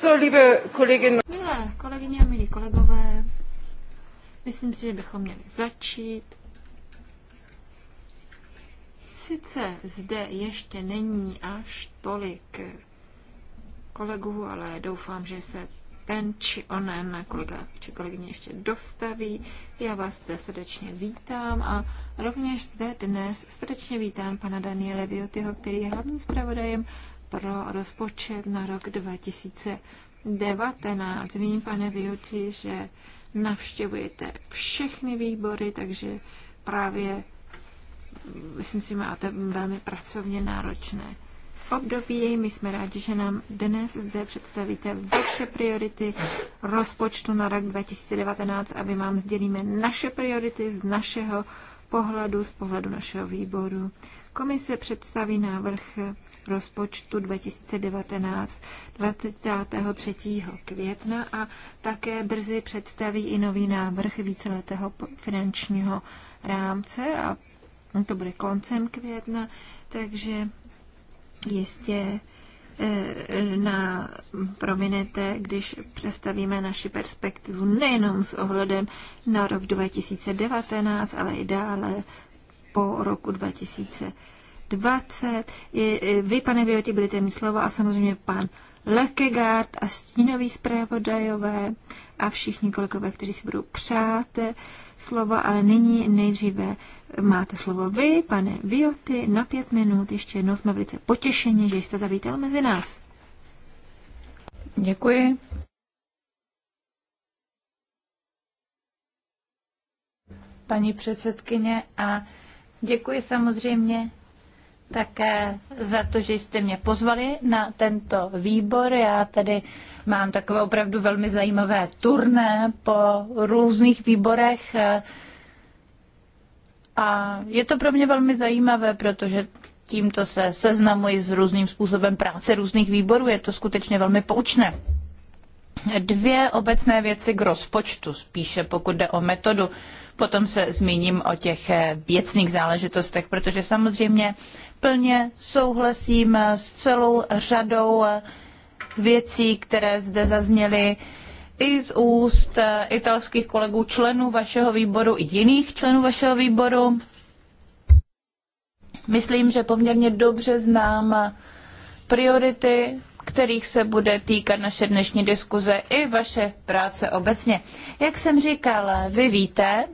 So, liebe Kolleginnen. Milé kolegyně, milí kolegové, myslím si, že bychom měli začít. Sice zde ještě není až tolik kolegů, ale doufám, že se ten či onen kolega či kolegyně ještě dostaví. Já vás zde srdečně vítám a rovněž zde dnes srdečně vítám pana Daniele Viotyho, který je hlavním zpravodajem pro rozpočet na rok 2019. Vím, pane Vyuči, že navštěvujete všechny výbory, takže právě myslím si, máte velmi pracovně náročné období. My jsme rádi, že nám dnes zde představíte vaše priority rozpočtu na rok 2019 my vám sdělíme naše priority z našeho pohledu, z pohledu našeho výboru. Komise představí návrh rozpočtu 2019 23. května a také brzy představí i nový návrh víceletého finančního rámce a to bude koncem května, takže jistě e, na, prominete, když představíme naši perspektivu nejenom s ohledem na rok 2019, ale i dále po roku 2020. 20. I vy, pane Vioti, budete mít slovo a samozřejmě pan Lekegard a stínový zpravodajové a všichni kolegové, kteří si budou přát slovo, ale nyní nejdříve máte slovo vy, pane Bioty, na pět minut. Ještě jednou jsme velice potěšeni, že jste zavítal mezi nás. Děkuji. Paní předsedkyně a děkuji samozřejmě také za to, že jste mě pozvali na tento výbor. Já tady mám takové opravdu velmi zajímavé turné po různých výborech. A je to pro mě velmi zajímavé, protože tímto se seznamuji s různým způsobem práce různých výborů. Je to skutečně velmi poučné. Dvě obecné věci k rozpočtu, spíše pokud jde o metodu. Potom se zmíním o těch věcných záležitostech, protože samozřejmě plně souhlasím s celou řadou věcí, které zde zazněly i z úst italských kolegů členů vašeho výboru i jiných členů vašeho výboru. Myslím, že poměrně dobře znám priority, kterých se bude týkat naše dnešní diskuze i vaše práce obecně. Jak jsem říkala, vy víte,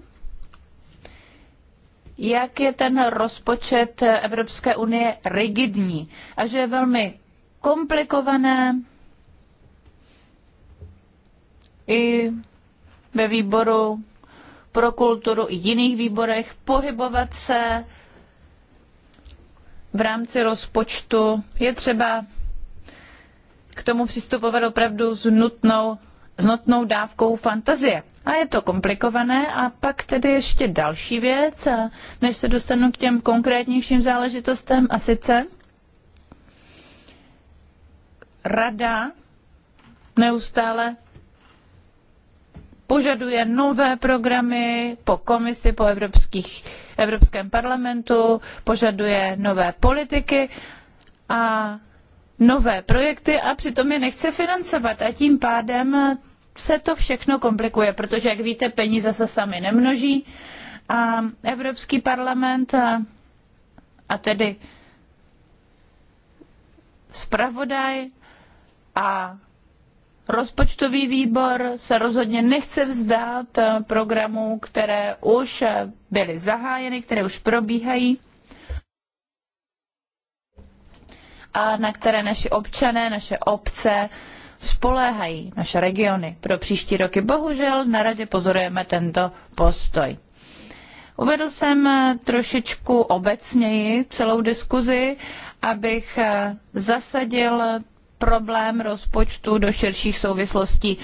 jak je ten rozpočet Evropské unie rigidní a že je velmi komplikované i ve výboru pro kulturu i jiných výborech pohybovat se v rámci rozpočtu. Je třeba k tomu přistupovat opravdu s nutnou znotnou dávkou fantazie. A je to komplikované. A pak tedy ještě další věc, a než se dostanu k těm konkrétnějším záležitostem, a sice rada neustále požaduje nové programy po komisi, po evropských, Evropském parlamentu, požaduje nové politiky a nové projekty a přitom je nechce financovat a tím pádem se to všechno komplikuje, protože, jak víte, peníze se sami nemnoží a Evropský parlament a, a tedy zpravodaj a rozpočtový výbor se rozhodně nechce vzdát programů, které už byly zahájeny, které už probíhají. a na které naši občané, naše obce spoléhají, naše regiony pro příští roky. Bohužel na radě pozorujeme tento postoj. Uvedl jsem eh, trošičku obecněji celou diskuzi, abych eh, zasadil problém rozpočtu do širších souvislostí.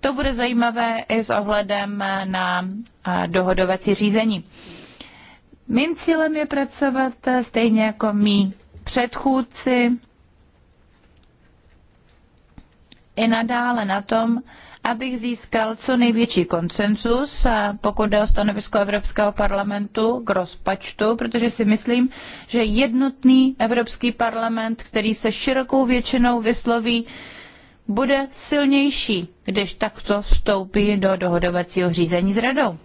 To bude zajímavé i s ohledem eh, na dohodovací řízení. Mým cílem je pracovat stejně jako mý předchůdci i nadále na tom, abych získal co největší konsenzus, pokud jde o stanovisko Evropského parlamentu k rozpačtu, protože si myslím, že jednotný Evropský parlament, který se širokou většinou vysloví, bude silnější, když takto vstoupí do dohodovacího řízení s radou.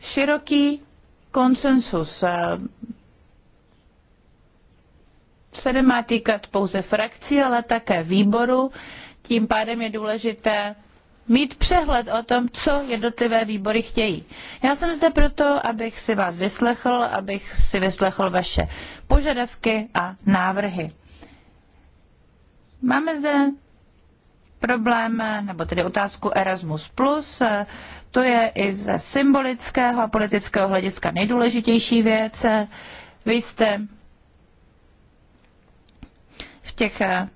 Široký konsensus eh, se nemá týkat pouze frakcí, ale také výboru. Tím pádem je důležité mít přehled o tom, co jednotlivé výbory chtějí. Já jsem zde proto, abych si vás vyslechl, abych si vyslechl vaše požadavky a návrhy. Máme zde problém, nebo tedy otázku Erasmus+, to je i ze symbolického a politického hlediska nejdůležitější věc. Vy jste v těch eh,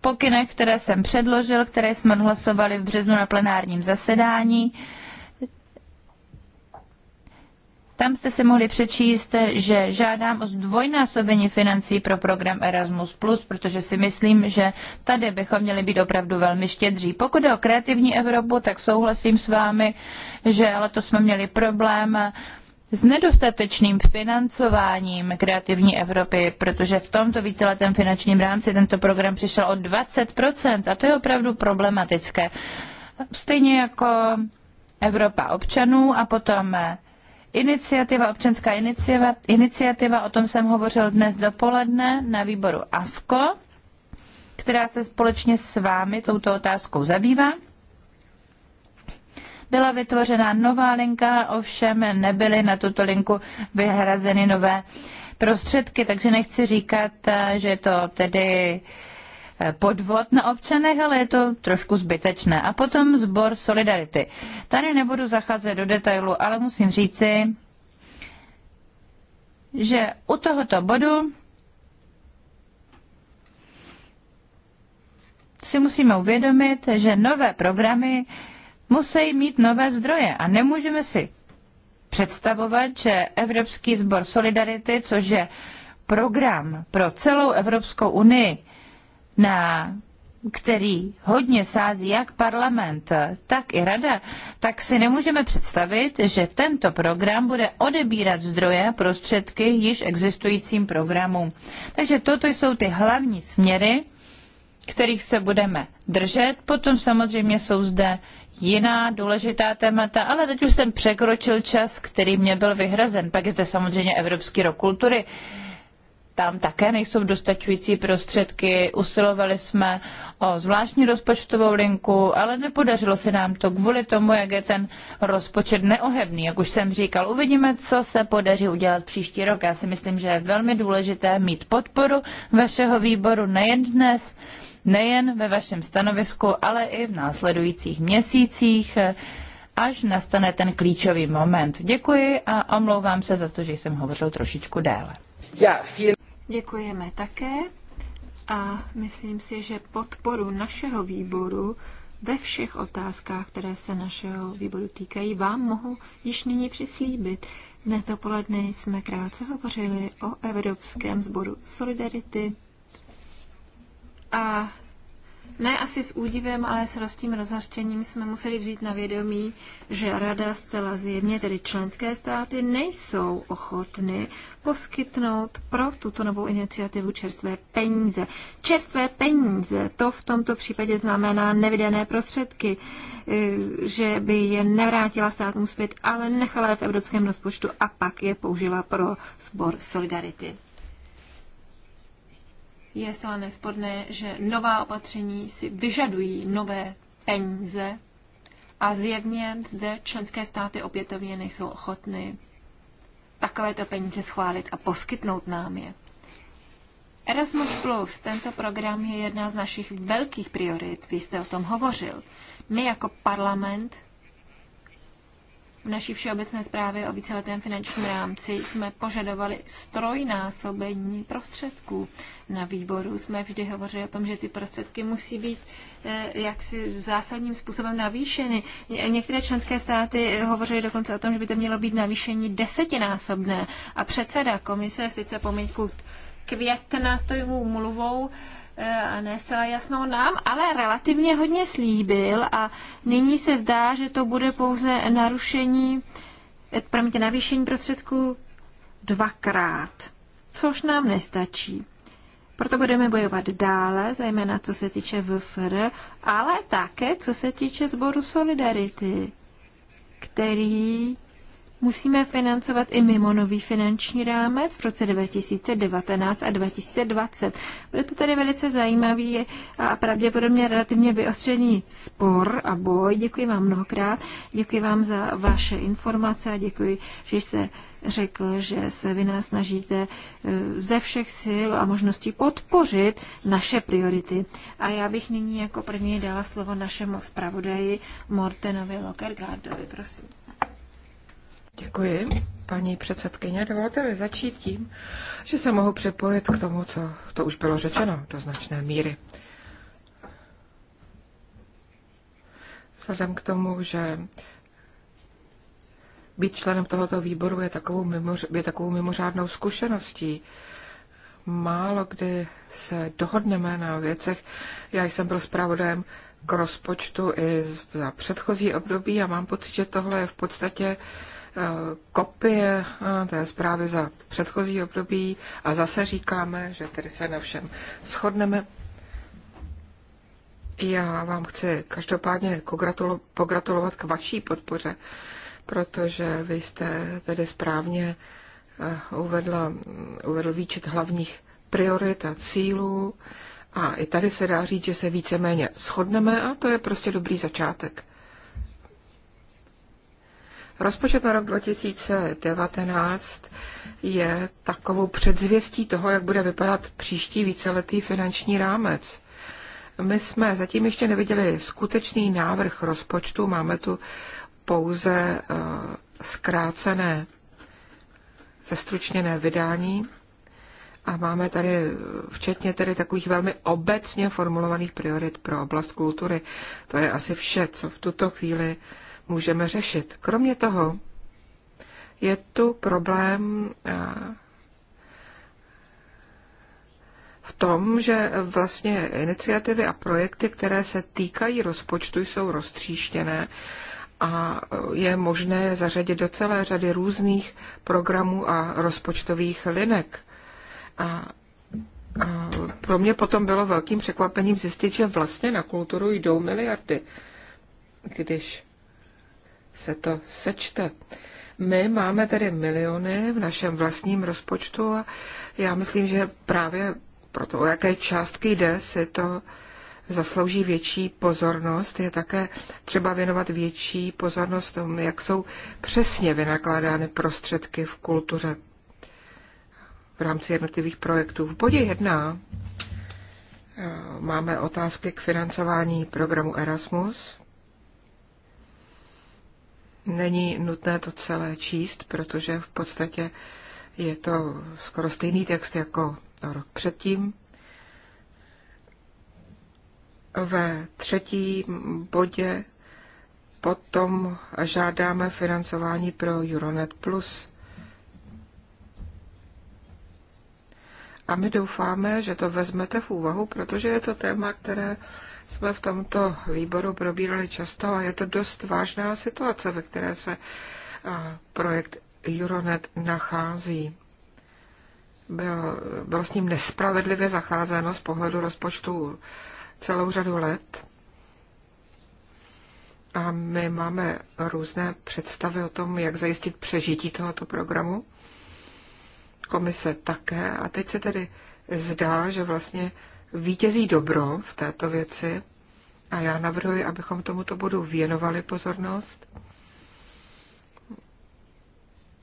pokynech, které jsem předložil, které jsme odhlasovali v březnu na plenárním zasedání, tam jste si mohli přečíst, že žádám o zdvojnásobení financí pro program Erasmus+, protože si myslím, že tady bychom měli být opravdu velmi štědří. Pokud je o kreativní Evropu, tak souhlasím s vámi, že letos jsme měli problém s nedostatečným financováním kreativní Evropy, protože v tomto víceletém finančním rámci tento program přišel o 20% a to je opravdu problematické. Stejně jako Evropa občanů a potom Iniciativa, občanská iniciativa, iniciativa, o tom jsem hovořil dnes dopoledne na výboru AFKO, která se společně s vámi touto otázkou zabývá. Byla vytvořena nová linka, ovšem nebyly na tuto linku vyhrazeny nové prostředky, takže nechci říkat, že je to tedy uh, podvod na občanech, ale je to trošku zbytečné. A potom sbor Solidarity. Tady nebudu zacházet do detailu, ale musím říci, že u tohoto bodu si musíme uvědomit, že nové programy musí mít nové zdroje a nemůžeme si představovat, že Evropský sbor Solidarity, což je program pro celou Evropskou unii, na který hodně sází jak parlament, tak i rada, tak si nemůžeme představit, že tento program bude odebírat zdroje a prostředky již existujícím programům. Takže toto jsou ty hlavní směry, kterých se budeme držet. Potom samozřejmě jsou zde jiná důležitá témata, ale teď už jsem překročil čas, který mě byl vyhrazen. Pak je to samozřejmě Evropský rok kultury tam také nejsou dostačující prostředky. Usilovali jsme o zvláštní rozpočtovou linku, ale nepodařilo se nám to kvůli tomu, jak je ten rozpočet neohebný. Jak už jsem říkal, uvidíme, co se podaří udělat příští rok. Já si myslím, že je velmi důležité mít podporu vašeho výboru nejen dnes, nejen ve vašem stanovisku, ale i v následujících měsících až nastane ten klíčový moment. Děkuji a omlouvám se za to, že jsem hovořil trošičku déle. Já, Děkujeme také a myslím si, že podporu našeho výboru ve všech otázkách, které se našeho výboru týkají, vám mohu již nyní přislíbit. Dnes dopoledne jsme krátce hovořili o Evropském sboru Solidarity a ne asi s údivem, ale s rostím rozhořčením jsme museli vzít na vědomí, že Rada zcela zjevně, tedy členské státy, nejsou ochotny poskytnout pro tuto novou iniciativu čerstvé peníze. Čerstvé peníze, to v tomto případě znamená nevydané prostředky, eh, že by je nevrátila státům zpět, ale nechala je v evropském rozpočtu a pak je použila pro sbor Solidarity je zcela nesporné, že nová opatření si vyžadují nové peníze a zjevně zde členské státy opětovně nejsou ochotny takovéto peníze schválit a poskytnout nám je. Erasmus Plus, tento program je jedna z našich velkých priorit, vy jste o tom hovořil. My jako parlament v naší všeobecné zprávě o víceletém finančním rámci jsme požadovali strojnásobení prostředků. Na výboru jsme vždy hovořili o tom, že ty prostředky musí být eh, jaksi zásadním způsobem navýšeny. Některé členské státy hovořily dokonce o tom, že by to mělo být navýšení desetinásobné. A předseda komise sice poměrku květnatovou mluvou Eh, a ne zcela jasnou nám, ale relativně hodně slíbil a nyní se zdá, že to bude pouze narušení, eh, promiňte, navýšení prostředků dvakrát, což nám nestačí. Proto budeme bojovat dále, zejména co se týče VFR, ale také co se týče sboru Solidarity, který musíme financovat i mimo nový finanční rámec v roce 2019 a 2020. Bude to tady velice zajímavý a pravděpodobně relativně vyostřený spor a boj. Děkuji vám mnohokrát, děkuji vám za vaše informace a děkuji, že jste řekl, že se vy nás snažíte eh, ze všech sil a možností podpořit naše priority. A já bych nyní jako první dala slovo našemu zpravodaji Mortenovi Lokergardovi, prosím. Děkuji, paní předsedkyně. Dovolte mi začít tím, že se mohu připojit k tomu, co to už bylo řečeno do značné míry. Vzhledem k tomu, že být členem tohoto výboru je takovou, mimoř, je takovou mimořádnou zkušeností. Málo kdy se dohodneme na věcech. Já jsem byl zpravodajem k rozpočtu i za předchozí období a mám pocit, že tohle je v podstatě uh, Eh, kopie eh, té zprávy za předchozí období a zase říkáme, že tedy se na všem shodneme. Já vám chci každopádně pogratulovat k vaší podpoře, protože vy jste tedy správně eh, uvedla, uvedl výčet hlavních priorit a cílů. A i tady se dá říct, že se víceméně shodneme a to je prostě dobrý začátek. Rozpočet na rok 2019 je takovou předzvěstí toho, jak bude vypadat příští víceletý finanční rámec. My jsme zatím ještě neviděli skutečný návrh rozpočtu, máme tu pouze eh, zkrácené, zestručněné vydání a máme tady eh, včetně tedy takových velmi obecně formulovaných priorit pro oblast kultury. To je asi vše, co v tuto chvíli můžeme řešit. Kromě toho je tu problém eh, v tom, že vlastně iniciativy a projekty, které se týkají rozpočtu, jsou roztříštěné a je možné je zařadit do celé řady různých programů a rozpočtových linek. A a pro mě potom bylo velkým překvapením zjistit, že vlastně na kulturu jdou miliardy, když se to sečte. My máme tedy miliony v našem vlastním rozpočtu a já myslím, že právě proto, o jaké částky jde, si to zaslouží větší pozornost. Je také třeba věnovat větší pozornost tomu, jak jsou přesně vynakládány prostředky v kultuře v rámci jednotlivých projektů. V bodě jedna eh, máme otázky k financování programu Erasmus. Není nutné to celé číst, protože v podstatě je to skoro stejný text jako rok předtím. Ve třetím bodě potom žádáme financování pro Euronet Plus. A my doufáme, že to vezmete v úvahu, protože je to téma, které jsme v tomto výboru probírali často a je to dost vážná situace, ve které se projekt Euronet nachází. Byl, bylo s ním nespravedlivě zacházeno z pohledu rozpočtu celou řadu let. A my máme různé představy o tom, jak zajistit přežití tohoto programu komise také. A teď se tedy zdá, že vlastně vítězí dobro v této věci. A já navrhuji, abychom tomuto bodu věnovali pozornost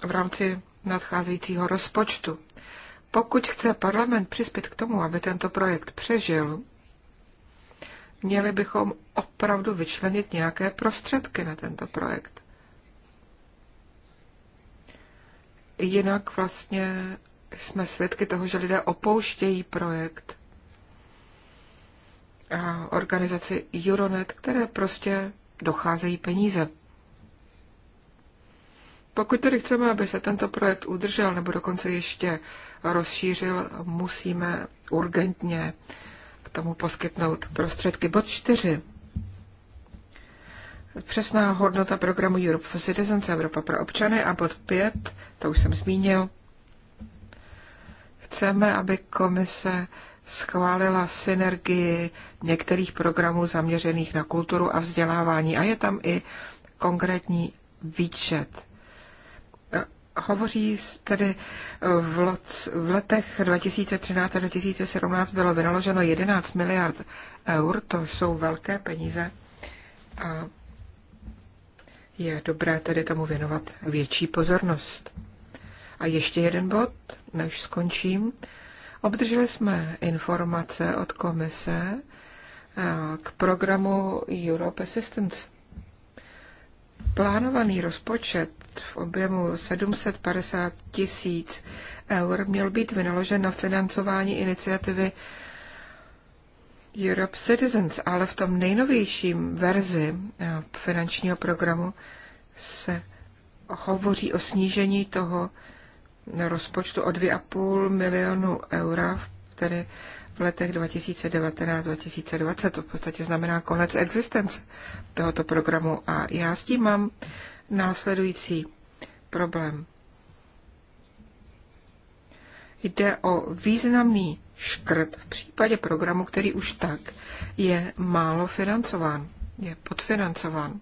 v rámci nadcházejícího rozpočtu. Pokud chce parlament přispět k tomu, aby tento projekt přežil, měli bychom opravdu vyčlenit nějaké prostředky na tento projekt. jinak vlastně jsme svědky toho, že lidé opouštějí projekt a organizaci Euronet, které prostě docházejí peníze. Pokud tedy chceme, aby se tento projekt udržel nebo dokonce ještě rozšířil, musíme urgentně k tomu poskytnout prostředky. Bod 4 přesná hodnota programu Europe for Citizens, Evropa pro občany a bod 5, to už jsem zmínil, chceme, aby komise schválila synergii některých programů zaměřených na kulturu a vzdělávání. A je tam i konkrétní výčet. Eh, hovoří tedy v, let, v letech 2013 a 2017 bylo vynaloženo 11 miliard eur, to jsou velké peníze. A je dobré tedy tomu věnovat větší pozornost. A ještě jeden bod, než skončím. Obdrželi jsme informace od komise eh, k programu Europe Assistance. Plánovaný rozpočet v objemu 750 tisíc eur měl být vynaložen na financování iniciativy Europe Citizens, ale v tom nejnovějším verzi eh, finančního programu se hovoří o snížení toho rozpočtu o 2,5 milionu eura, tedy v letech 2019-2020. To v podstatě znamená konec existence tohoto programu. A já s tím mám následující problém jde o významný škrt v případě programu, který už tak je málo financován, je podfinancován.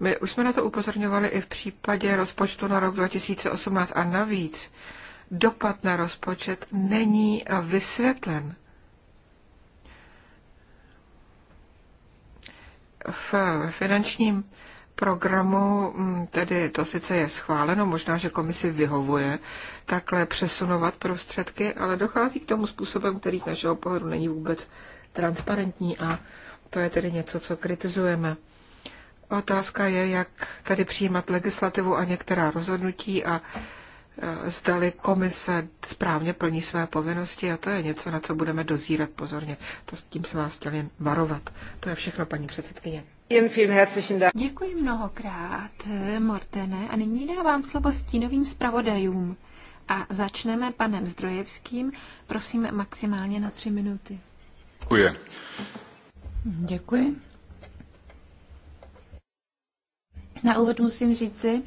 My už jsme na to upozorňovali i v případě rozpočtu na rok 2018 a navíc dopad na rozpočet není vysvětlen. V finančním programu, mm, tedy to sice je schváleno, možná, že komisi vyhovuje takhle přesunovat prostředky, ale dochází k tomu způsobem, který z našeho pohledu není vůbec transparentní a to je tedy něco, co kritizujeme. Otázka je, jak tady přijímat legislativu a některá rozhodnutí a e, zdali komise správně plní své povinnosti a to je něco, na co budeme dozírat pozorně. To s tím se vás chtěli varovat. To je všechno, paní předsedkyně. Děkuji mnohokrát, Mortene, a nyní dávám slovo stínovým zpravodajům. A začneme panem Zdrojevským. Prosím maximálně na tři minuty. Děkuji. Děkuji. Na úvod musím říci,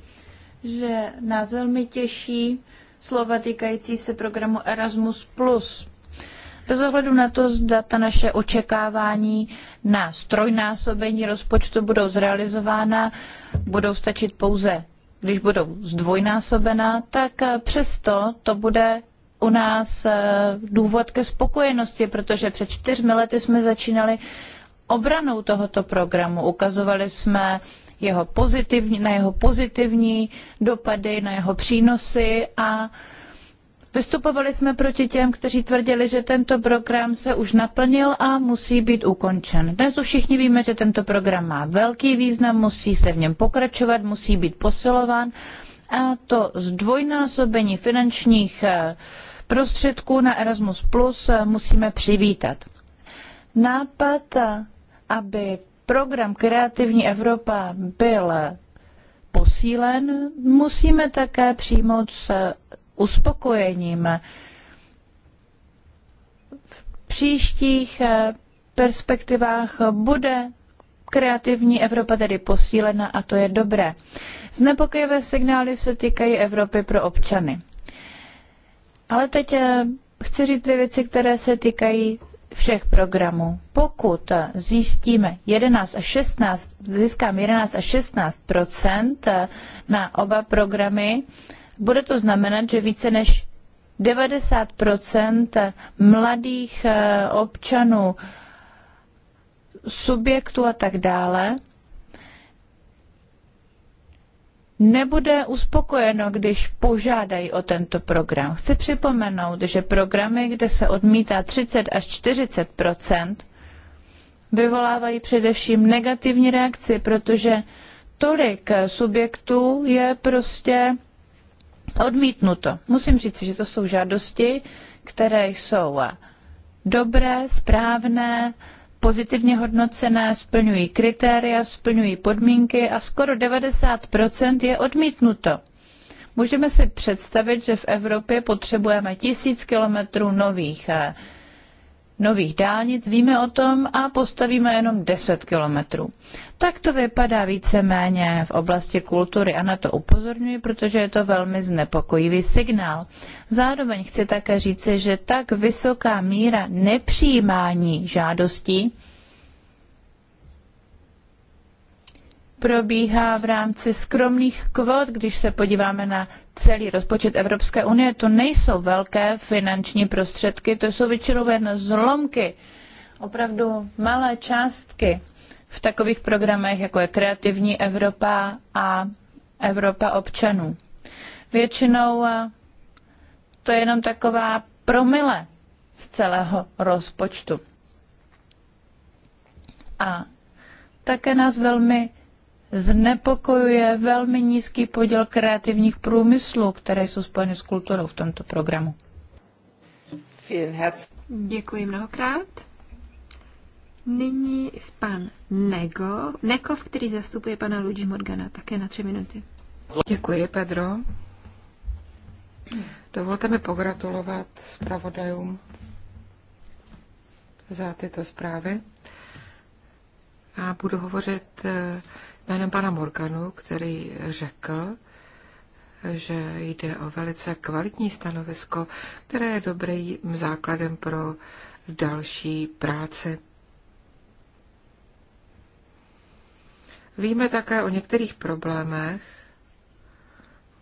že nás velmi těší slova týkající se programu Erasmus+. Bez ohledu na to, zda ta naše očekávání na strojnásobení rozpočtu budou zrealizována, budou stačit pouze, když budou zdvojnásobena, tak přesto to bude u nás eh, důvod ke spokojenosti, protože před čtyřmi lety jsme začínali obranou tohoto programu. Ukazovali jsme jeho pozitivní, na jeho pozitivní dopady, na jeho přínosy a Vystupovali jsme proti těm, kteří tvrdili, že tento program se už naplnil a musí být ukončen. Dnes už všichni víme, že tento program má velký význam, musí se v něm pokračovat, musí být posilován a to zdvojnásobení finančních eh, prostředků na Erasmus Plus eh, musíme přivítat. Nápad, eh, aby program Kreativní Evropa byl posílen, musíme také přijmout uspokojením. V příštích eh, perspektivách bude kreativní Evropa tedy posílena a to je dobré. Znepokojivé signály se týkají Evropy pro občany. Ale teď eh, chci říct dvě věci, které se týkají všech programů. Pokud zjistíme 11 a 16, získám 11 a 16 eh, na oba programy, bude to znamenat, že více než 90 mladých eh, občanů, subjektů a tak dále nebude uspokojeno, když požádají o tento program. Chci připomenout, že programy, kde se odmítá 30 až 40 vyvolávají především negativní reakci, protože tolik subjektů je prostě odmítnuto. Musím říct, že to jsou žádosti, které jsou dobré, správné, pozitivně hodnocené, splňují kritéria, splňují podmínky a skoro 90% je odmítnuto. Můžeme si představit, že v Evropě potřebujeme tisíc kilometrů nových eh, nových dálnic, víme o tom a postavíme jenom 10 kilometrů. Tak to vypadá víceméně v oblasti kultury a na to upozorňuji, protože je to velmi znepokojivý signál. Zároveň chci také říci, že tak vysoká míra nepřijímání žádostí probíhá v rámci skromných kvot, když se podíváme na celý rozpočet Evropské unie. To nejsou velké finanční prostředky, to jsou většinou jen zlomky, opravdu malé částky v takových programech, jako je Kreativní Evropa a Evropa občanů. Většinou eh, to je jenom taková promile z celého rozpočtu. A také nás velmi znepokojuje velmi nízký podíl kreativních průmyslů, které jsou spojeny s kulturou v tomto programu. Děkuji mnohokrát. Nyní s pan Nego, Nekov, který zastupuje pana Luigi Morgana, také na tři minuty. Děkuji, Pedro. Dovolte mi pogratulovat zpravodajům za tyto zprávy. A budu hovořit eh, jménem pana Morganu, který řekl, že jde o velice kvalitní stanovisko, které je dobrým základem pro další práci. Víme také o některých problémech,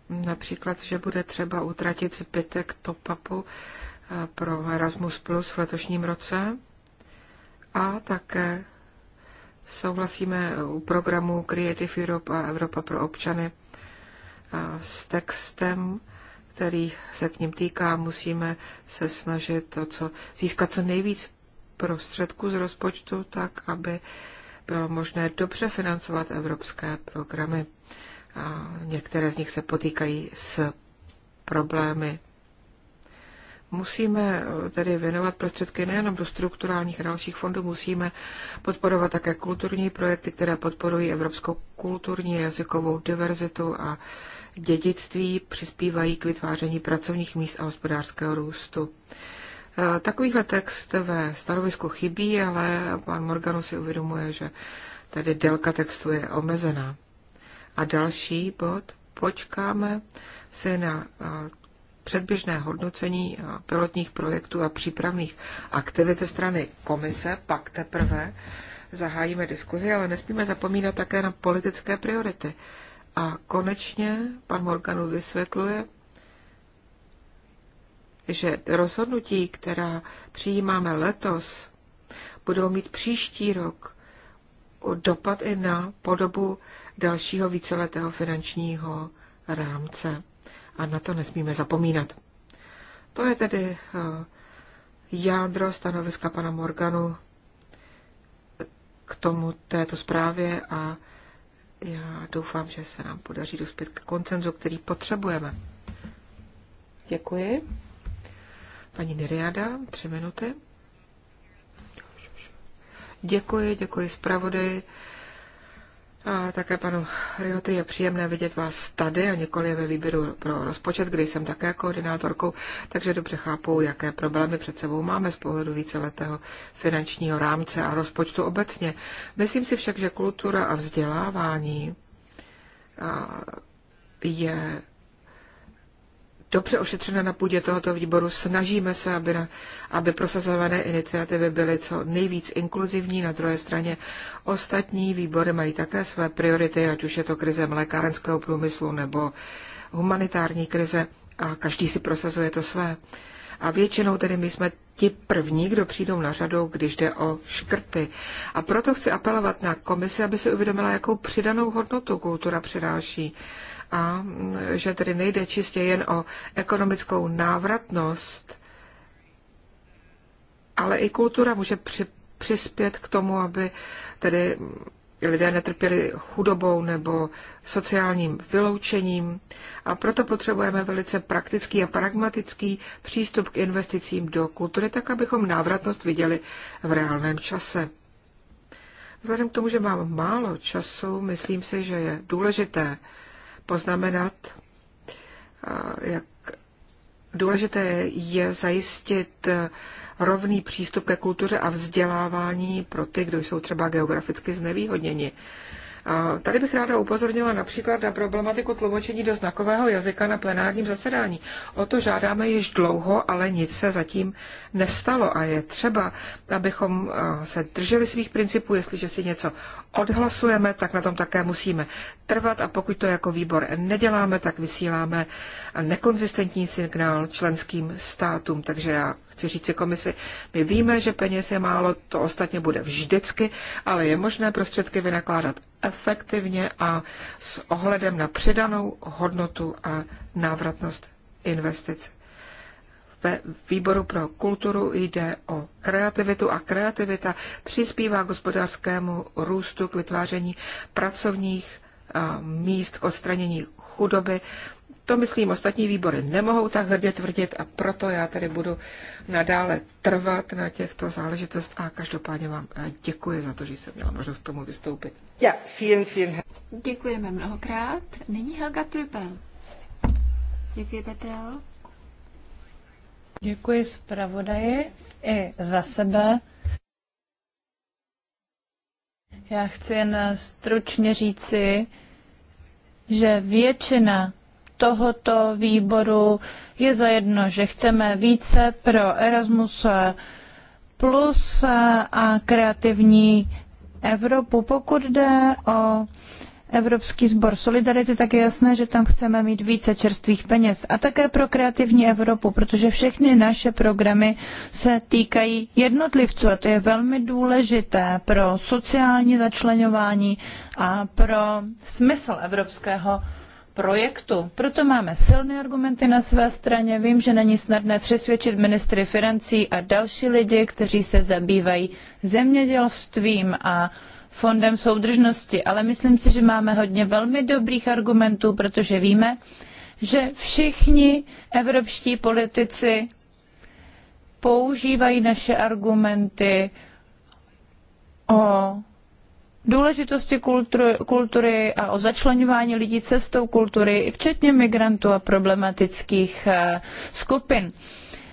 například, že bude třeba utratit zbytek topapu eh, pro Erasmus Plus v letošním roce a také Souhlasíme u programu Creative Europe a Evropa pro občany s textem, který se k ním týká. Musíme se snažit to, co, získat co nejvíc prostředků z rozpočtu, tak aby bylo možné dobře financovat evropské programy. A některé z nich se potýkají s problémy Musíme eh, tedy věnovat prostředky nejenom do strukturálních a dalších fondů, musíme podporovat také kulturní projekty, které podporují evropskou kulturní jazykovou diverzitu a dědictví, přispívají k vytváření pracovních míst a hospodářského růstu. Eh, takovýhle text ve stanovisku chybí, ale pan Morganu si uvědomuje, že tady délka textu je omezená. A další bod, počkáme se na eh, předběžné hodnocení pilotních projektů a přípravných aktivit ze strany komise, pak teprve zahájíme diskuzi, ale nesmíme zapomínat také na politické priority. A konečně pan Morganu vysvětluje, že rozhodnutí, která přijímáme letos, budou mít příští rok dopad i na podobu dalšího víceletého finančního rámce a na to nesmíme zapomínat. To je tedy eh, jádro stanoviska pana Morganu k tomu této zprávě a já doufám, že se nám podaří dospět k koncenzu, který potřebujeme. Děkuji. Paní Neriada, tři minuty. Děkuji, děkuji zpravodaji a také panu Rioty je příjemné vidět vás tady a nikoli ve výběru pro rozpočet, kdy jsem také koordinátorkou, takže dobře chápu, jaké problémy před sebou máme z pohledu víceletého finančního rámce a rozpočtu obecně. Myslím si však, že kultura a vzdělávání je dobře ošetřena na půdě tohoto výboru. Snažíme se, aby, na, aby prosazované iniciativy byly co nejvíc inkluzivní. Na druhé straně ostatní výbory mají také své priority, ať už je to krize mlékárenského průmyslu nebo humanitární krize a každý si prosazuje to své. A většinou tedy my jsme ti první, kdo přijdou na řadu, když jde o škrty. A proto chci apelovat na komisi, aby se uvědomila, jakou přidanou hodnotu kultura přináší a že tedy nejde čistě jen o ekonomickou návratnost, ale i kultura může při, přispět k tomu, aby tedy lidé netrpěli chudobou nebo sociálním vyloučením a proto potřebujeme velice praktický a pragmatický přístup k investicím do kultury, tak abychom návratnost viděli v reálném čase. Vzhledem k tomu, že mám málo času, myslím si, že je důležité poznamenat, jak důležité je zajistit rovný přístup ke kultuře a vzdělávání pro ty, kdo jsou třeba geograficky znevýhodněni. Tady bych ráda upozornila například na problematiku tlumočení do znakového jazyka na plenárním zasedání. O to žádáme již dlouho, ale nic se zatím nestalo a je třeba, abychom eh, se drželi svých principů, jestliže si něco odhlasujeme, tak na tom také musíme trvat a pokud to jako výbor neděláme, tak vysíláme nekonzistentní signál členským státům. Takže já chci říct si komisi, my víme, že peněz je málo, to ostatně bude vždycky, ale je možné prostředky vynakládat efektivně a s ohledem na přidanou hodnotu a návratnost investic. Ve výboru pro kulturu jde o kreativitu a kreativita přispívá k hospodářskému růstu, k vytváření pracovních míst, k odstranění chudoby to, myslím, ostatní výbory nemohou tak hrdě tvrdit a proto já tady budu nadále trvat na těchto záležitostech a každopádně vám eh, děkuji za to, že jsem měla možnost k tomu vystoupit. Ja, vielen, vielen. Děkujeme mnohokrát. Nyní Helga Trübel. Děkuji, Petra. Děkuji zpravodaji i za sebe. Já chci jen stručně říci, že většina tohoto výboru je zajedno, že chceme více pro Erasmus plus a kreativní Evropu. Pokud jde o Evropský sbor Solidarity, tak je jasné, že tam chceme mít více čerstvých peněz. A také pro kreativní Evropu, protože všechny naše programy se týkají jednotlivců a to je velmi důležité pro sociální začlenování a pro smysl evropského projektu. Proto máme silné argumenty na své straně. Vím, že není snadné přesvědčit ministry financí a další lidi, kteří se zabývají zemědělstvím a fondem soudržnosti, ale myslím si, že máme hodně velmi dobrých argumentů, protože víme, že všichni evropští politici používají naše argumenty o důležitosti kultury, kultury a o začlenování lidí cestou kultury, včetně migrantů a problematických eh, skupin.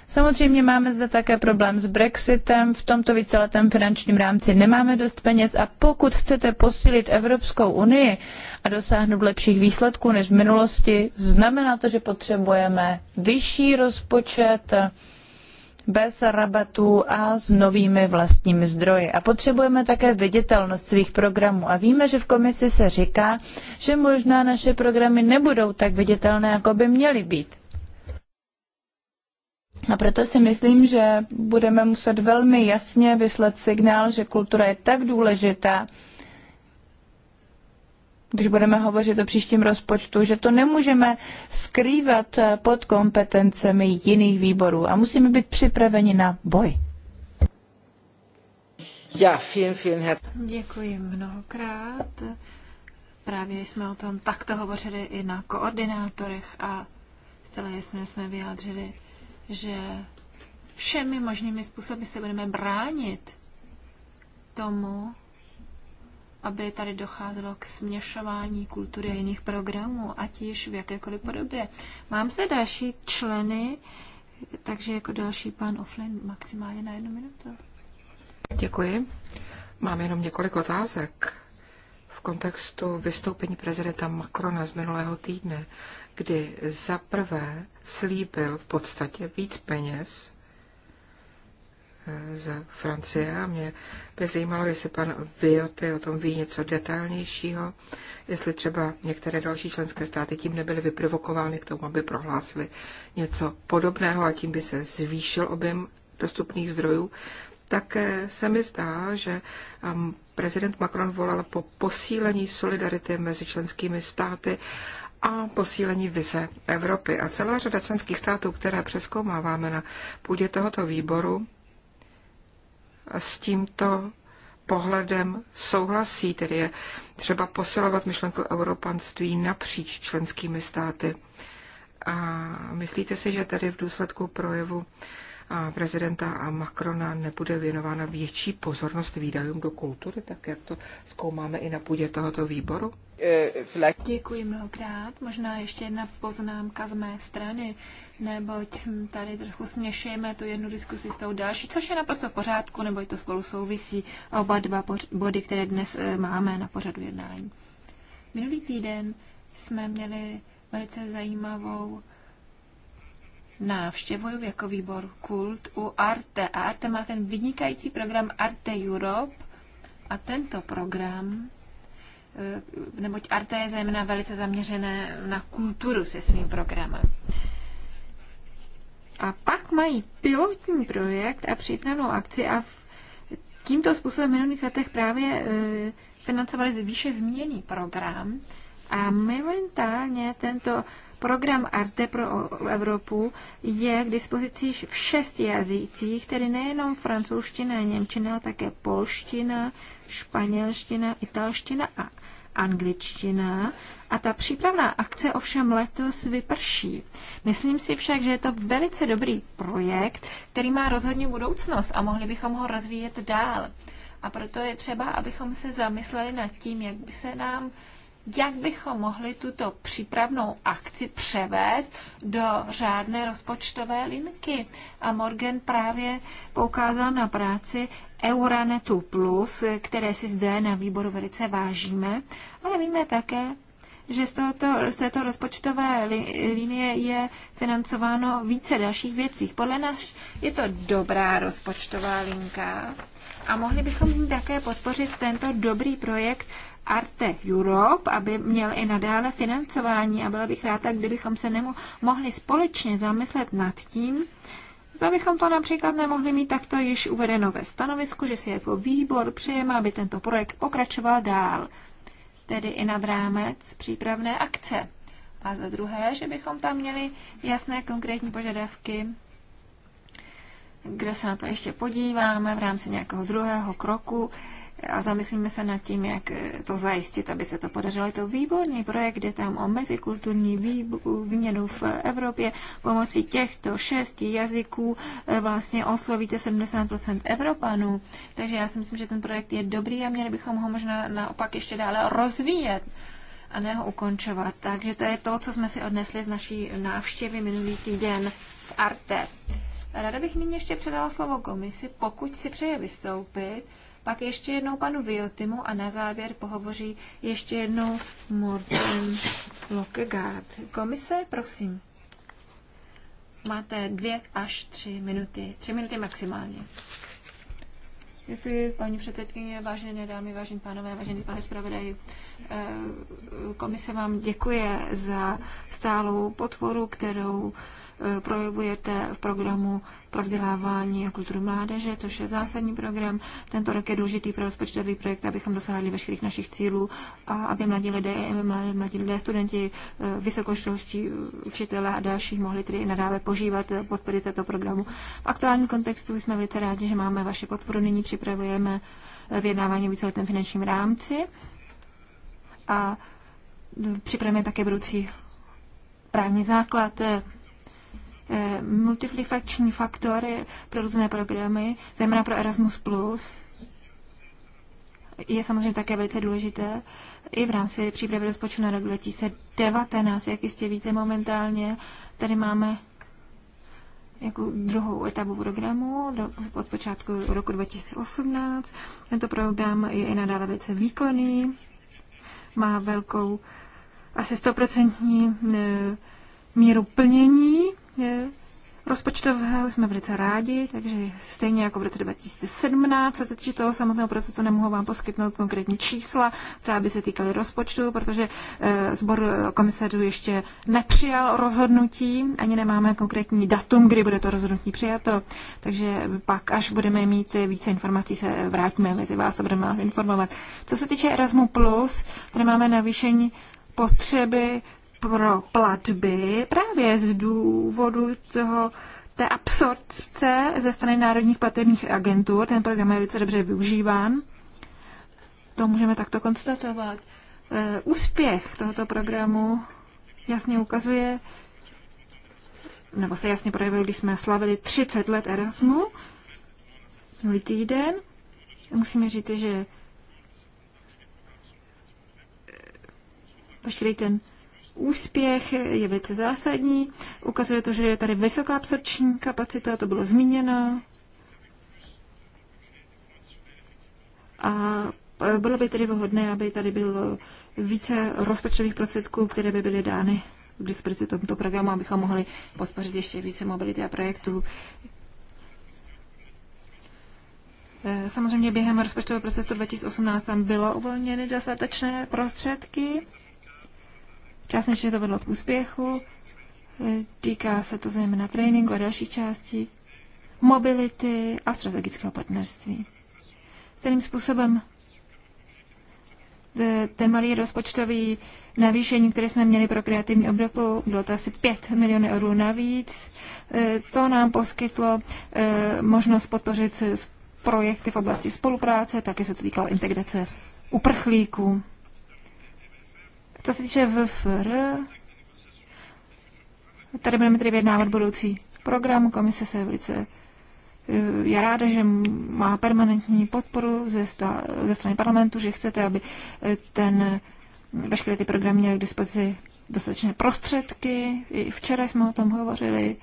Samozřejmě máme zde také problém s Brexitem, v tomto víceletém finančním rámci nemáme dost peněz a pokud chcete posílit Evropskou unii a dosáhnout lepších výsledků než v minulosti, znamená to, že potřebujeme vyšší rozpočet, bez rabatů a s novými vlastními zdroji. A potřebujeme také viditelnost svých programů. A víme, že v komisi se říká, že možná naše programy nebudou tak viditelné, jako by měly být. A proto si myslím, že budeme muset velmi jasně vyslat signál, že kultura je tak důležitá, když budeme hovořit o příštím rozpočtu, že to nemůžeme skrývat pod kompetencemi jiných výborů a musíme být připraveni na boj. Ja, vielen, vielen her- Děkuji mnohokrát. Právě jsme o tom takto hovořili i na koordinátorech a zcela jasně jsme vyjádřili, že všemi možnými způsoby se budeme bránit tomu, aby tady docházelo k směšování kultury a jiných programů, ať již v jakékoliv podobě. Mám se další členy, takže jako další pan Oflin maximálně na jednu minutu. Děkuji. Mám jenom několik otázek v kontextu vystoupení prezidenta Macrona z minulého týdne, kdy zaprvé slíbil v podstatě víc peněz z Francie a mě by zajímalo, jestli pan Vioty o tom ví něco detailnějšího, jestli třeba některé další členské státy tím nebyly vyprovokovány k tomu, aby prohlásili něco podobného a tím by se zvýšil objem dostupných zdrojů. Také se mi zdá, že um, prezident Macron volal po posílení solidarity mezi členskými státy a posílení vize Evropy. A celá řada členských států, které přeskoumáváme na půdě tohoto výboru, s tímto pohledem souhlasí, tedy je třeba posilovat myšlenku europanství napříč členskými státy. A myslíte si, že tady v důsledku projevu a prezidenta a Macrona nebude věnována větší pozornost výdajům do kultury, tak jak to zkoumáme i na půdě tohoto výboru? Děkuji mnohokrát. Možná ještě jedna poznámka z mé strany, neboť tady trochu směšujeme tu jednu diskusi s tou další, což je naprosto v pořádku, neboť to spolu souvisí oba dva body, které dnes eh, máme na pořadu jednání. Minulý týden jsme měli velice zajímavou návštěvuju jako výbor Kult u Arte. A Arte má ten vynikající program Arte Europe a tento program eh, neboť Arte je zejména velice zaměřené na kulturu se svým programem. A pak mají pilotní projekt a přípravnou akci a tímto způsobem v minulých letech právě eh, financovali výše změný program a momentálně tento Program Arte pro Evropu je k dispozici v šesti jazycích, tedy nejenom francouzština němčina, ale také polština, španělština, italština a angličtina a ta přípravná akce ovšem letos vyprší. Myslím si však, že je to velice dobrý projekt, který má rozhodně budoucnost a mohli bychom ho rozvíjet dál. A proto je třeba, abychom se zamysleli nad tím, jak by se nám jak bychom mohli tuto přípravnou akci převést do řádné rozpočtové linky. A Morgan právě poukázal na práci Euranetu Plus, které si zde na výboru velice vážíme, ale víme také, že z, tohoto, z této rozpočtové linie je financováno více dalších věcí. Podle nás je to dobrá rozpočtová linka a mohli bychom z ní také podpořit tento dobrý projekt Arte Europe, aby měl i nadále financování a byla bych ráda, kdybychom se nemohli mohli společně zamyslet nad tím, Zda bychom to například nemohli mít takto již uvedeno ve stanovisku, že si jako výbor přejeme, aby tento projekt pokračoval dál, tedy i nad rámec přípravné akce. A za druhé, že bychom tam měli jasné konkrétní požadavky, kde se na to ještě podíváme v rámci nějakého druhého kroku, a zamyslíme se nad tím, jak to zajistit, aby se to podařilo. Je to výborný projekt, jde tam o mezikulturní výměnu v Evropě. Pomocí těchto šesti jazyků e, vlastně oslovíte 70% Evropanů. Takže já si myslím, že ten projekt je dobrý a měli bychom ho možná naopak ještě dále rozvíjet a ne ho ukončovat. Takže to je to, co jsme si odnesli z naší návštěvy minulý týden v Arte. Ráda bych nyní ještě předala slovo komisi, pokud si přeje vystoupit pak ještě jednou panu Viotimu a na závěr pohovoří ještě jednou Morten Lockegaard. Komise, prosím. Máte dvě až tři minuty. Tři minuty maximálně. Děkuji, paní předsedkyně, vážené dámy, vážení pánové, vážený pane zpravodaj. Eh, komise vám děkuje za stálou podporu, kterou eh, projevujete v programu pro vzdělávání a kulturu mládeže, což je zásadní program. Tento rok je důležitý pro rozpočtový projekt, abychom dosáhli veškerých našich cílů a aby mladí lidé, mladí lidé studenti, eh, vysokoškolští učitelé a další mohli tedy i nadále požívat podpory této programu. V aktuálním kontextu jsme velice rádi, že máme vaše podporu nyní při připravujeme vyjednávání o víceletém finančním rámci a připravujeme také budoucí právní základ eh, multiplikační faktory pro různé programy, zejména pro Erasmus+, je samozřejmě také velice důležité i v rámci přípravy rozpočtu na rok 2019. Jak jistě víte, momentálně tady máme jako druhou etapu programu od počátku roku 2018. Tento program je i nadále velice výkonný, má velkou asi 100% e, míru plnění e, rozpočtového jsme velice rádi, takže stejně jako v roce 2017, co se týče toho samotného procesu, nemohu vám poskytnout konkrétní čísla, která by se týkaly rozpočtu, protože sbor eh, komisařů ještě nepřijal rozhodnutí, ani nemáme konkrétní datum, kdy bude to rozhodnutí přijato, takže pak, až budeme mít více informací, se vrátíme mezi vás a budeme vás informovat. Co se týče Erasmus+, tady máme navýšení potřeby pro platby právě z důvodu toho, té absorpce ze strany národních platebních agentur. Ten program je velice dobře využíván. To můžeme takto konstatovat. E, úspěch tohoto programu jasně ukazuje, nebo se jasně projevil, když jsme slavili 30 let Erasmu minulý týden. Musíme říct, že veškerý ten úspěch je velice zásadní. Ukazuje to, že je tady vysoká absorpční kapacita, to bylo zmíněno. A e, bylo by tedy vhodné, aby tady bylo více rozpočtových prostředků, které by byly dány k dispozici tomuto programu, abychom mohli podpořit ještě více mobility a projektů. E, samozřejmě během rozpočtového procesu 2018 tam bylo uvolněny dostatečné prostředky Částečně to vedlo k úspěchu, týká se to zejména tréninku a dalších částí, mobility a strategického partnerství. Kterým způsobem ten malý rozpočtový navýšení, které jsme měli pro kreativní obdobu, bylo to asi 5 milionů eurů navíc. E, to nám poskytlo e, možnost podpořit projekty v oblasti spolupráce, taky se to týkalo integrace uprchlíků. Co se týče VFR, tady budeme tedy vyjednávat budoucí program. Komise se velice eh, je ráda, že má permanentní podporu ze, sta, ze strany parlamentu, že chcete, aby eh, ten veškeré ty programy měly k dispozici dostatečné prostředky. I včera jsme o tom hovořili,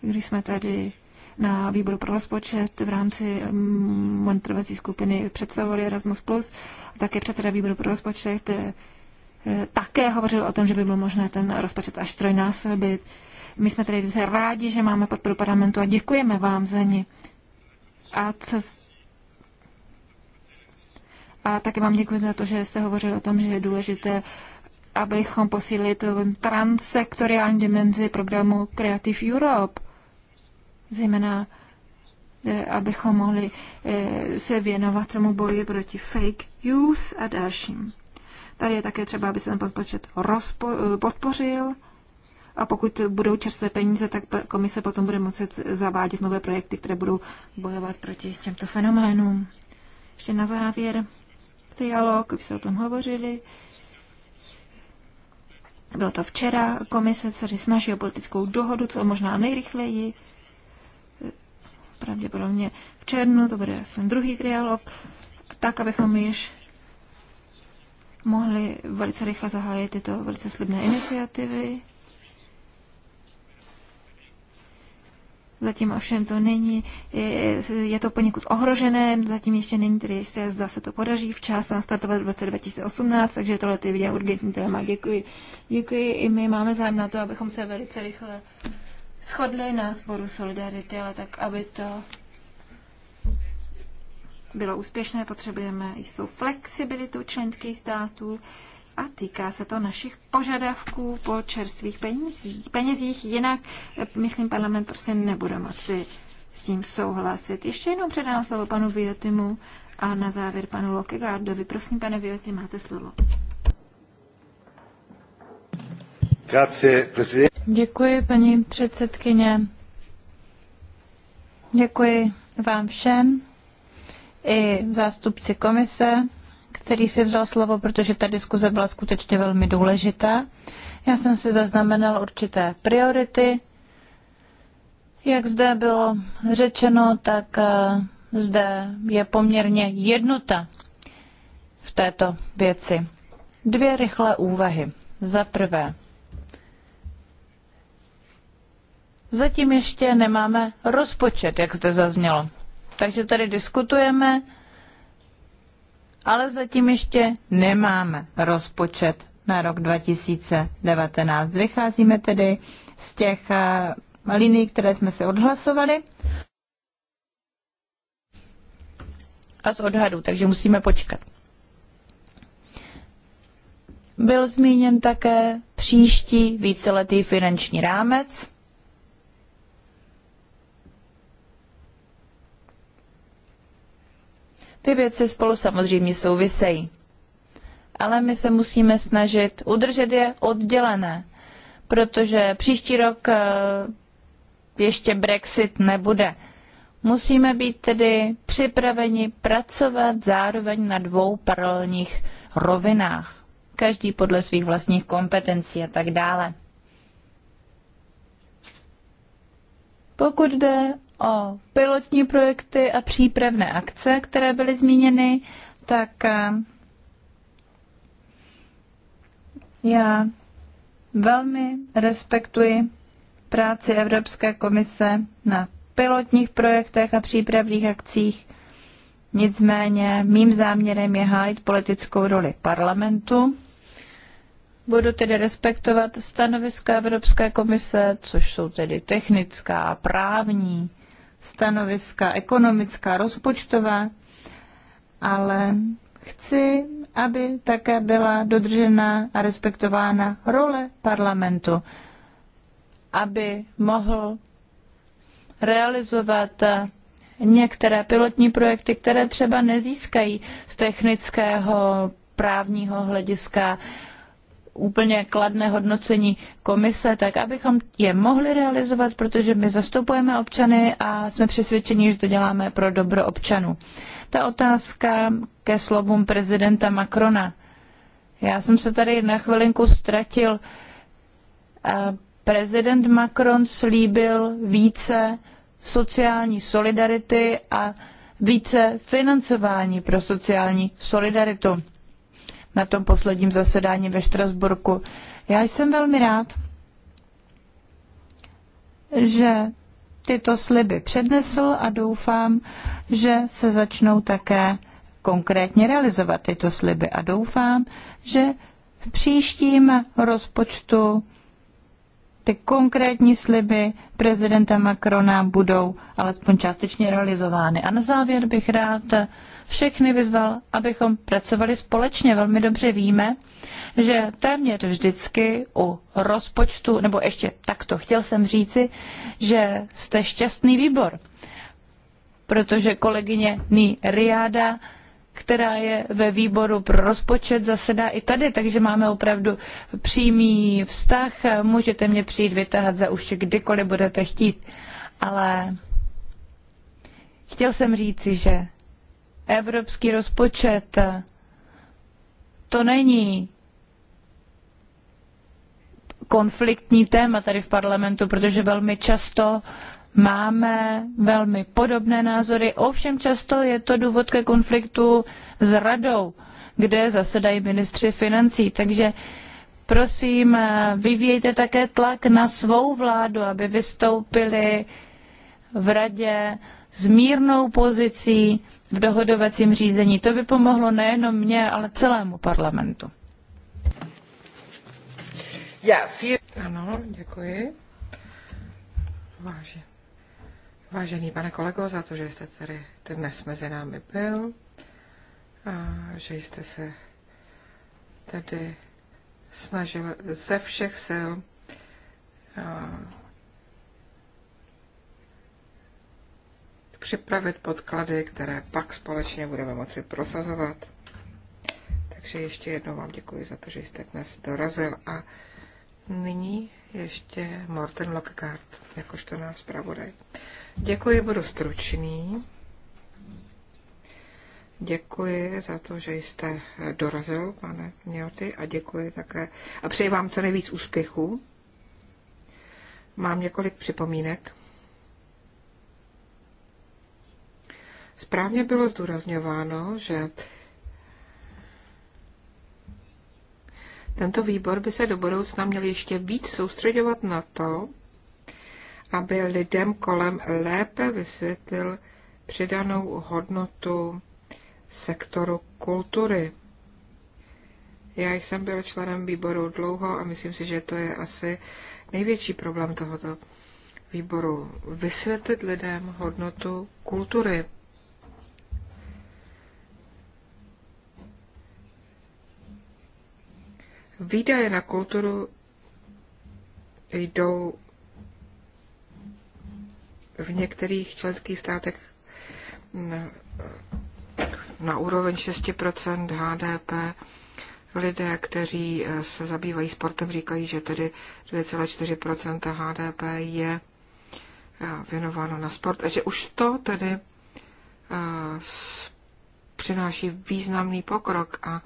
když jsme tady na výboru pro rozpočet v rámci mm, monitorovací skupiny představovali Erasmus+, a také předseda výboru pro rozpočet eh, také hovořil o tom, že by bylo možné ten rozpočet až trojnásobit. My jsme tedy rádi, že máme podporu parlamentu a děkujeme vám za ní. A co a také vám děkuji za to, že jste hovořil o tom, že je důležité, abychom posílili tu transsektoriální dimenzi programu Creative Europe. Zejména, eh, abychom mohli eh, se věnovat tomu boji proti fake news a dalším. Tady je také třeba, aby se ten podpočet rozpo- eh, podpořil a pokud budou čerstvé peníze, tak komise potom bude moci zavádět nové projekty, které budou bojovat proti těmto fenoménům. Ještě na závěr dialog, už se o tom hovořili. Bylo to včera, komise se snaží o politickou dohodu, co možná nejrychleji. Pravděpodobně v červnu, to bude asi druhý dialog, tak, abychom již mohli velice rychle zahájit tyto velice slibné iniciativy. Zatím ovšem to není, je, je to poněkud ohrožené, zatím ještě není tedy jisté, zda se to podaří včas nastartovat v roce 2018, takže tohle je vidět urgentní téma. Děkuji. Děkuji, i my máme zájem na to, abychom se velice rychle shodli na sboru Solidarity, ale tak, aby to bylo úspěšné, potřebujeme jistou flexibilitu členských států a týká se to našich požadavků po čerstvých penězích. penězích. Jinak, eh, myslím, parlament prostě nebude moci s tím souhlasit. Ještě jednou předám slovo panu Viotimu a na závěr panu Lokegardovi. Prosím, pane Vioti, máte slovo. Děkuji, paní předsedkyně. Děkuji vám všem i zástupci komise, který si vzal slovo, protože ta diskuze byla skutečně velmi důležitá. Já jsem si zaznamenal určité priority. Jak zde bylo řečeno, tak eh, zde je poměrně jednota v této věci. Dvě rychlé úvahy. Za prvé, zatím ještě nemáme rozpočet, jak zde zaznělo. Takže tady diskutujeme, ale zatím ještě nemáme rozpočet na rok 2019. Vycházíme tedy z těch eh, linií, které jsme si odhlasovali a z odhadu, takže musíme počkat. Byl zmíněn také příští víceletý finanční rámec. Ty věci spolu samozřejmě souvisejí. Ale my se musíme snažit udržet je oddělené, protože příští rok eh, ještě Brexit nebude. Musíme být tedy připraveni pracovat zároveň na dvou paralelních rovinách, každý podle svých vlastních kompetencí a tak dále. Pokud jde o pilotní projekty a přípravné akce, které byly zmíněny, tak eh, já velmi respektuji práci Evropské komise na pilotních projektech a přípravných akcích. Nicméně mým záměrem je hájit politickou roli parlamentu. Budu tedy respektovat stanoviska Evropské komise, což jsou tedy technická a právní stanoviska ekonomická, rozpočtová, ale chci, aby také byla dodržena a respektována role parlamentu, aby mohl realizovat některé pilotní projekty, které třeba nezískají z technického právního hlediska úplně kladné hodnocení komise, tak abychom je mohli realizovat, protože my zastupujeme občany a jsme přesvědčeni, že to děláme pro dobro občanů. Ta otázka ke slovům prezidenta Macrona. Já jsem se tady na chvilinku ztratil. Prezident Macron slíbil více sociální solidarity a více financování pro sociální solidaritu na tom posledním zasedání ve Štrasburku. Já jsem velmi rád, že tyto sliby přednesl a doufám, že se začnou také konkrétně realizovat tyto sliby a doufám, že v příštím rozpočtu ty konkrétní sliby prezidenta Macrona budou alespoň částečně realizovány. A na závěr bych rád všechny vyzval, abychom pracovali společně. Velmi dobře víme, že téměř vždycky u rozpočtu, nebo ještě takto chtěl jsem říci, že jste šťastný výbor, protože kolegyně Ní Riáda která je ve výboru pro rozpočet, zasedá i tady, takže máme opravdu přímý vztah. Můžete mě přijít vytáhat za uši kdykoliv budete chtít. Ale chtěl jsem říci, že evropský rozpočet. To není konfliktní téma tady v parlamentu, protože velmi často máme velmi podobné názory, ovšem často je to důvod ke konfliktu s radou, kde zasedají ministři financí. Takže prosím, vyvíjejte také tlak na svou vládu, aby vystoupili v radě s mírnou pozicí v dohodovacím řízení. To by pomohlo nejenom mně, ale celému parlamentu. Ano, děkuji. Váži. Vážený pane kolego, za to, že jste tady dnes mezi námi byl, a že jste se tedy snažil ze všech sil připravit podklady, které pak společně budeme moci prosazovat. Takže ještě jednou vám děkuji za to, že jste dnes dorazil a nyní ještě Morten Lockhart, jakožto náš zpravodaj. Děkuji, budu stručný. Děkuji za to, že jste dorazil, pane Měoty, a děkuji také. A přeji vám co nejvíc úspěchů. Mám několik připomínek. Správně bylo zdůrazňováno, že tento výbor by se do budoucna měl ještě víc soustředovat na to, aby lidem kolem lépe vysvětlil přidanou hodnotu sektoru kultury. Já jsem byl členem výboru dlouho a myslím si, že to je asi největší problém tohoto výboru. Vysvětlit lidem hodnotu kultury. Výdaje na kulturu jdou v některých členských státech na, na úroveň 6% HDP. Lidé, kteří eh, se zabývají sportem, říkají, že tedy 2,4% HDP je eh, věnováno na sport a že už to tedy eh, přináší významný pokrok a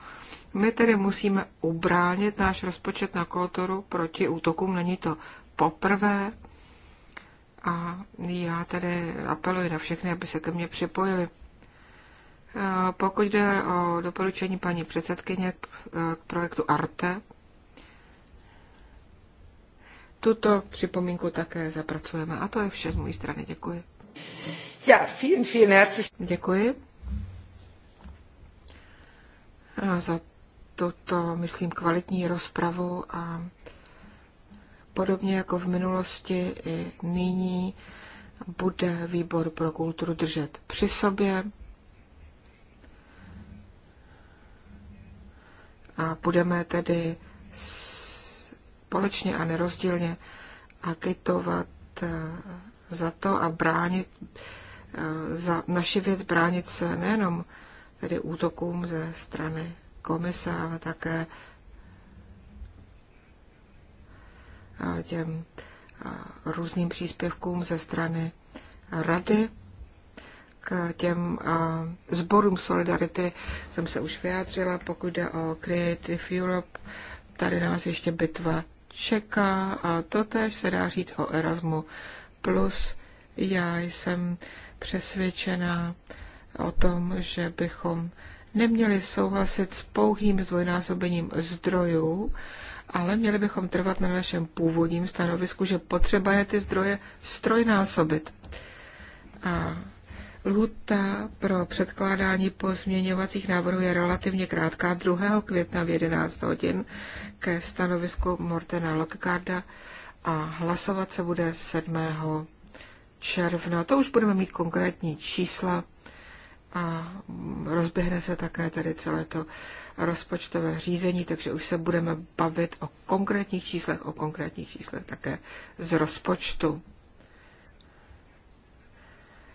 my tedy musíme ubránit náš rozpočet na kulturu proti útokům. Není to poprvé a já tedy apeluji na všechny, aby se ke mně připojili. E, pokud jde o doporučení paní předsedkyně e, k projektu ARTE, tuto připomínku také zapracujeme. A to je vše z mojí strany. Děkuji. Ja, vielen, vielen herzlich. Děkuji za tuto, myslím, kvalitní rozpravu a podobně jako v minulosti i nyní bude výbor pro kulturu držet při sobě a budeme tedy společně a nerozdílně agitovat eh, za to a bránit eh, za naši věc bránit se nejenom tedy útokům ze strany komise, ale také těm různým příspěvkům ze strany rady. K těm sborům Solidarity jsem se už vyjádřila, pokud jde o Creative Europe, tady nás ještě bitva čeká a to tež se dá říct o Erasmu+. Plus já jsem přesvědčená, o tom, že bychom neměli souhlasit s pouhým zdvojnásobením zdrojů, ale měli bychom trvat na našem původním stanovisku, že potřeba je ty zdroje strojnásobit. A lhuta pro předkládání pozměňovacích návrhů je relativně krátká 2. května v 11 hodin ke stanovisku Mortena Lockgarda a hlasovat se bude 7. června. To už budeme mít konkrétní čísla a rozběhne se také tady celé to rozpočtové řízení, takže už se budeme bavit o konkrétních číslech, o konkrétních číslech také z rozpočtu.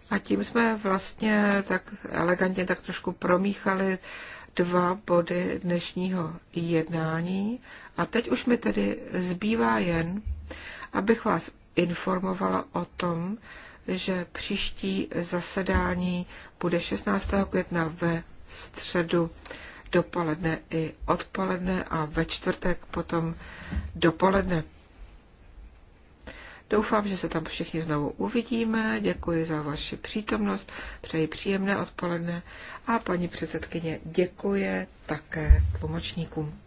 A tím jsme vlastně tak elegantně tak trošku promíchali dva body dnešního jednání. A teď už mi tedy zbývá jen, abych vás informovala o tom, že příští zasedání bude 16. května ve středu dopoledne i odpoledne a ve čtvrtek potom dopoledne. Doufám, že se tam všichni znovu uvidíme. Děkuji za vaši přítomnost, přeji příjemné odpoledne a paní předsedkyně děkuje také tlumočníkům.